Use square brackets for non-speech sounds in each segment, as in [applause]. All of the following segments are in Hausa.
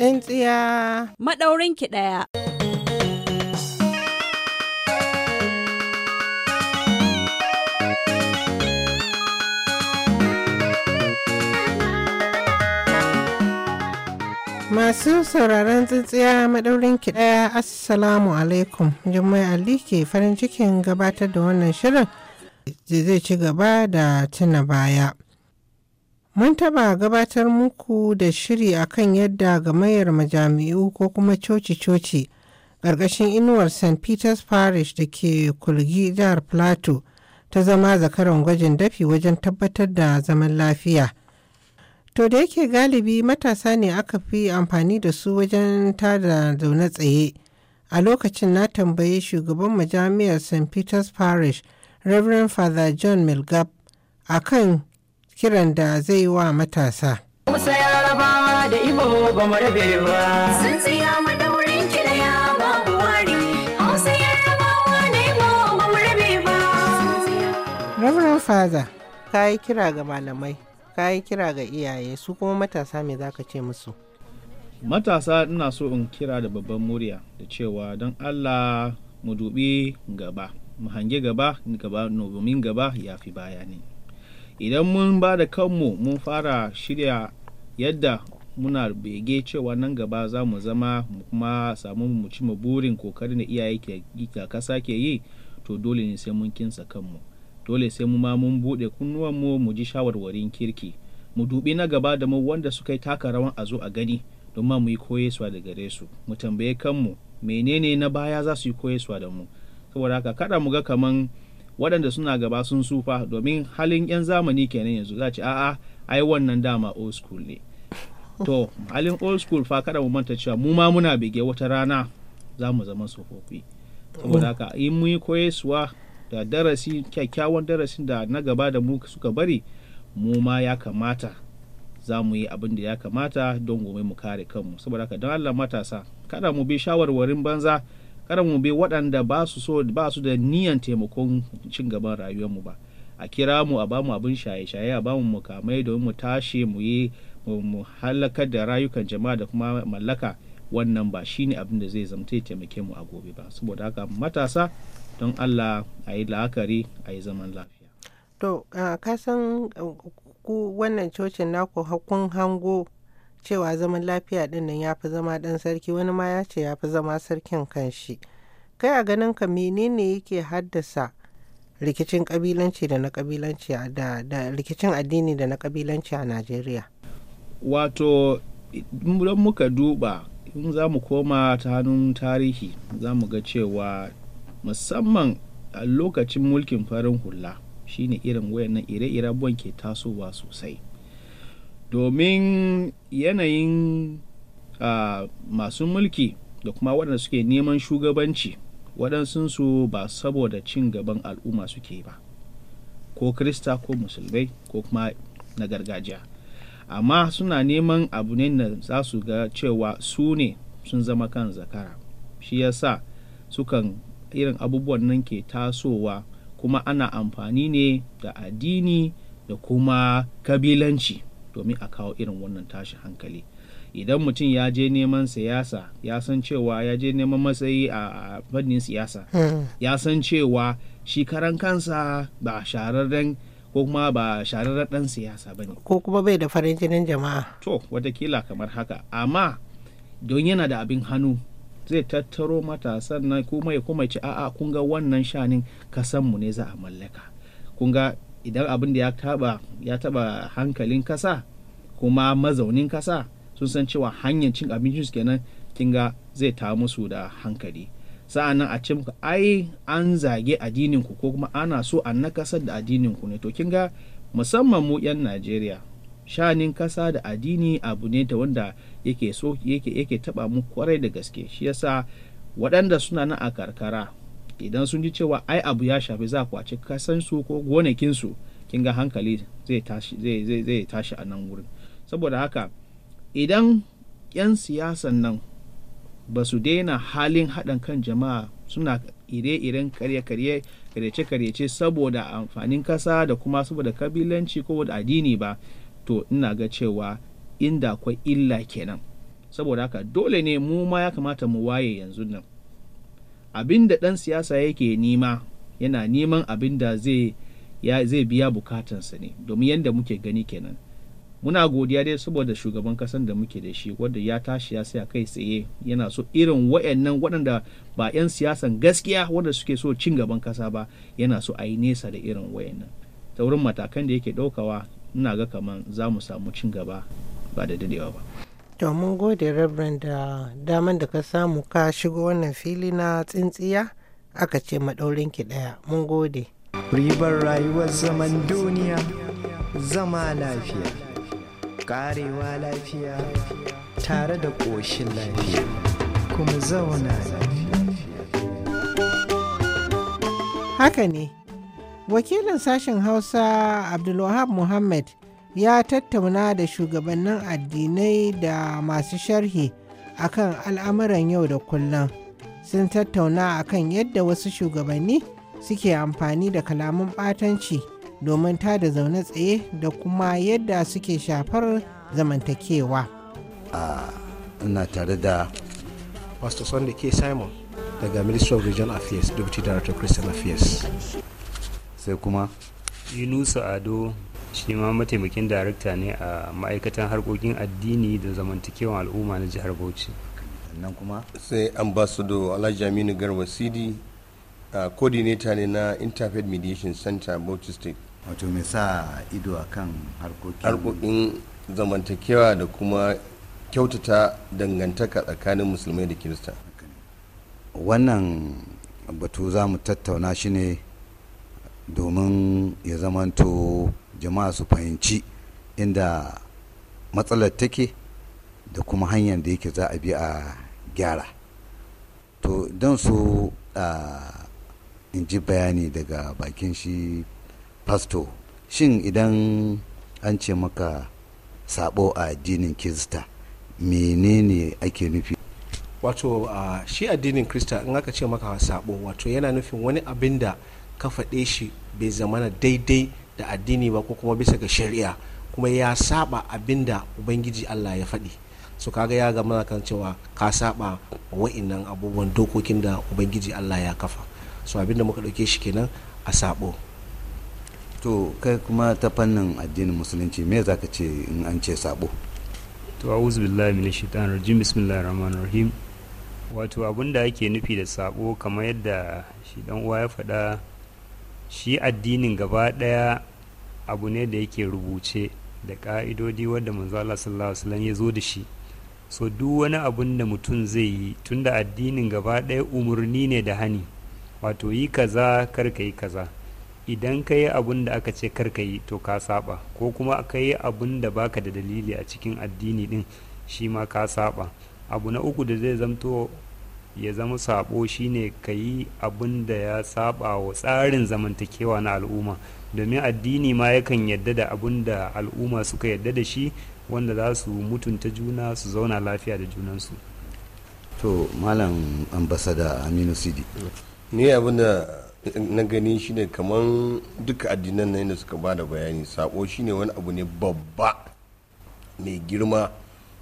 Tsintsiya. ki ɗaya. Masu sauraron tsintsiya maɗaurin ki ɗaya Assalamu alaikum. Jummai Ali ke farin cikin gabatar da wannan shirin zai ci gaba da tuna baya. Mun taba gabatar muku da shiri akan yadda gamayyar majami'u ko kuma coci-coci ƙarƙashin inuwar St. Peter's Parish da ke kulgi jihar Plateau ta zama zakaran gwajin dafi wajen tabbatar da zaman lafiya. To da yake galibi matasa ne aka fi amfani da su wajen tada zaune tsaye. A lokacin na tambayi shugaban majami'ar St. Peter's Parish, Reverend Father John Milgab, akan kiran da zai wa matasa. Musa yarabawa da Ibo ba mu rabe ba. Sun tsaya madaurin wari. Hausa da Ibo ba mu rabe ba. faza. ka yi kira ga malamai, ka yi kira ga iyaye, su kuma matasa me za ka ce musu? Matasa ina so in kira da babban murya da cewa don Allah mu dubi gaba, mu hange gaba, gaba domin gaba ya fi baya ne. idan mun ba da kanmu mun fara shirya yadda muna bege cewa nan gaba za mu zama mu kuma samu mu ci mu burin kokarin da iyaye ke kasa ke yi to dole ne sai mun kinsa kanmu dole sai mu ma mun bude kunnuwanmu mu ji shawarwarin kirki mu dubi na gaba da mu wanda suka yi taka rawan a zo a gani don ma mu yi koyesuwa da gare su mu tambaye kanmu menene na baya za su yi koyesuwa da mu saboda haka kada mu ga kaman waɗanda suna gaba sun sufa domin halin 'yan zamani kenan yanzu za ce a'a ai wannan dama old school ne [laughs] to halin old school fa kada mu manta cewa mu ma muna bege wata rana za mu zama tsofaffi saboda haka in mun yi suwa da darasi kyakkyawan darasin da na gaba da mu suka bari mu ma ya kamata za mu yi abin da ya kamata don gobe mu kare kanmu saboda haka don allah matasa kada mu bi shawarwarin banza kada mu bi waɗanda ba su so ba su da niyan taimakon cin gaban rayuwar mu ba a kira mu a bamu abin shaye-shaye a bamu mukamai domin mu tashi mu yi mu halakar da rayukan jama'a da kuma mallaka wannan ba shine abin da zai zamta taimake mu a gobe ba saboda haka matasa don Allah a yi la'akari a yi zaman lafiya. To, ka san wannan cocin naku hakun hango cewa zaman lafiya ɗin nan ya fi zama ɗan sarki wani ma ya ce ya fi zama sarkin kanshi kai a ganin ka menene yake haddasa rikicin kabilanci da na kabilanci da rikicin addini da na kabilanci a najeriya wato don muka duba in za mu koma ta hannun tarihi za mu ga cewa musamman a lokacin mulkin farin hula shine irin wayannan ire-iren ke tasowa sosai domin yanayin uh, masu mulki da kuma waɗanda suke neman shugabanci su ba saboda cin gaban al'umma suke ba ko krista ko musulmai ko kuma na gargajiya amma suna neman abu ne da za su ga cewa su ne sun zama kan zakara shi yasa sukan irin abubuwan nan ke tasowa kuma ana amfani ne da addini da kuma kabilanci domin a kawo irin wannan tashin hankali idan mutum ya je neman siyasa ya san cewa ya je neman matsayi a fannin siyasa hmm. ya san cewa shi karan kansa ba shararren ko kuma ba shararren dan siyasa ba ne ko kuma bai da farin jinin jama'a to watakila kamar haka amma don yana da abin hannu zai tattaro matasan nan kuma ya kuma ci a'a kun ga wannan shanin kasanmu ne za a mallaka kun idan abin da ya taba ya taba hankalin kasa kuma mazaunin kasa sun san cewa hanyar cin abincin su kenan kinga zai ta musu da hankali sa'annan a ce muku ai an zage addinin ku ko kuma ana so an nakasar da addinin ku ne to kinga musamman mu yan Najeriya shanin kasa da addini abu ne da wanda yake so yake yake taba mu kwarai da gaske shi yasa waɗanda suna nan a karkara idan sun ji cewa ai abu ya shafi za ku a kasan su ko gonakin su kin ga hankali zai tashi zai zai tashi a nan wurin saboda haka idan 'yan siyasan nan ba su daina halin haɗin kan jama'a suna ire-iren karye-karye karyace-karyace saboda amfanin kasa da kuma saboda kabilanci ko da addini ba to ina ga cewa inda akwai illa kenan saboda haka dole ne mu ma ya kamata mu waye yanzu nan abin da ɗan siyasa yake nema yana neman abin da zai biya bukatansa ne domin yadda muke gani kenan muna godiya dai saboda shugaban kasan da muke da shi wanda ya tashi ya saya kai tsaye yana so irin wayannan waɗanda ba 'yan siyasan gaskiya wanda suke so cin gaban kasa ba yana so a yi nesa da irin wayannan ta wurin matakan da yake ɗaukawa ina ga kaman za mu samu cin gaba ba da dadewa ba To mun gode rabin da daman da ka samu ka shigo wannan fili na tsintsiya aka ce maɗaurinki ɗaya. Mun gode. Ribar rayuwar zaman duniya zama lafiya, ƙarewa lafiya tare da ƙoshin lafiya, kuma zauna lafiya. Haka ne, wakilin sashen Hausa Abdulwahab Muhammad ya tattauna da shugabannin addinai da masu sharhi akan al'amuran yau da kullum sun tattauna akan yadda wasu shugabanni suke amfani da kalaman ɓatanci domin tada zaune tsaye da kuma yadda suke shafar zamantakewa. ina tare da pastor sunday k simon daga ministry of regional affairs deputy director christian affairs sai kuma yunusa ado shi ma mataimakin darakta ne a ma'aikatan harkokin addini da zamantakewan al'umma na jihar bauchi sannan kuma sai ambassador alhaji aminu garba sidi a coordinator ne na interfaith mediation center bauchi state wato mai sa ido a kan harkokin zamantakewa da kuma kyautata dangantaka tsakanin musulmai da kirista wannan batu za mu tattauna shi ne domin ya zamanto jama'a su fahimci inda matsalar take da kuma hanyar da yake za a bi a gyara to don su in ji bayani daga bakin shi pasto shin idan an ce maka sabo a addinin kirista menene ake nufi wato uh, shi addinin kirista in aka ce maka sabo wato yana nufin wani abin da ka faɗe shi bai zamana daidai da addini ba ko kuma bisa ga shari'a kuma ya saba abinda ubangiji Allah ya faɗi su kaga ya ga mana kan cewa ka saba wa'innan abubuwan dokokin da ubangiji Allah ya kafa su abinda muka ɗauke shi kenan a sabo to kai kuma ta fannin addinin musulunci me za ka ce in an ce sabo to wuzu billahi rajim bismillahir rahmanir rahim wato abin da ake nufi da sabo kamar yadda shi dan uwa ya faɗa shi addinin gaba ɗaya abu ne da yake rubuce da ƙa'idodi wadda manzo Allah sallallahu alaihi wasallam ya zo da shi so duk wani abun da mutum zai yi tunda addinin gaba ɗaya umarni ne da hani wato yi kaza karka yi kaza idan ka yi abun da aka ce karka yi to ka saba ko kuma ka yi abun da baka da dalili a cikin addini din shi ma ka saba abu na uku da zai zamto ya zama sabo shine ka yi abin da ya saba wa tsarin zamantakewa na al'umma domin addini ma yakan yadda da abin da al'umma suka yadda da shi wanda za su mutunta juna su zauna lafiya da junansu to malam ambasada aminu sidi ni abin da na gani shine kamar duka addinan nan da suka ba da bayani sabo shine wani abu ne babba mai girma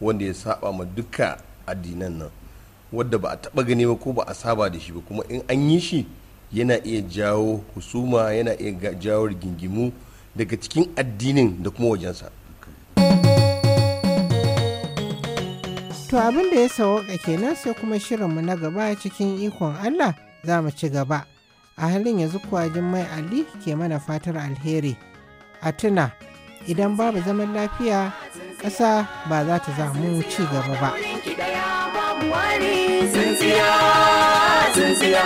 wanda ya saba ma duka addinan nan wadda ba a taba gani ba ko ba a saba da shi ba kuma in an yi shi yana iya jawo husuma yana iya jawo rigingimu daga cikin addinin da kuma wajensa to abin da ya sawaka kenan sai kuma shirinmu na gaba cikin ikon allah za mu ci gaba a halin yanzu kuwa mai ali ke mana fatar alheri a tuna idan babu zaman lafiya ƙasa ba za ta zamu ci gaba ba. wani tsintsiya tsintsiya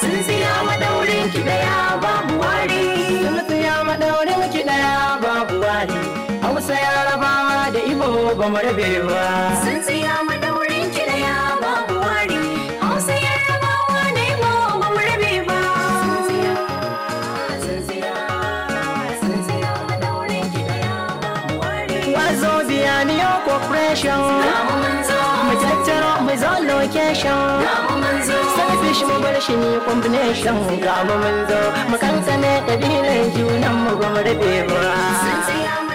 tsintsiya madaurin ki daya babu wari tsintsiya madaurin ki daya babu wari hausa yarabawa da ibo ba mu rabe ba tsintsiya madaurin ki daya babu wari hausa yarabawa da ibo ba mu rabe ba tsintsiya tsintsiya tsintsiya madaurin ki daya babu wari wazo biya ni corporation tattaro mu zo location selfish mu bar shi ni combination ga mu mun zo mu kankane da dinan junan mu ba mu rabe ba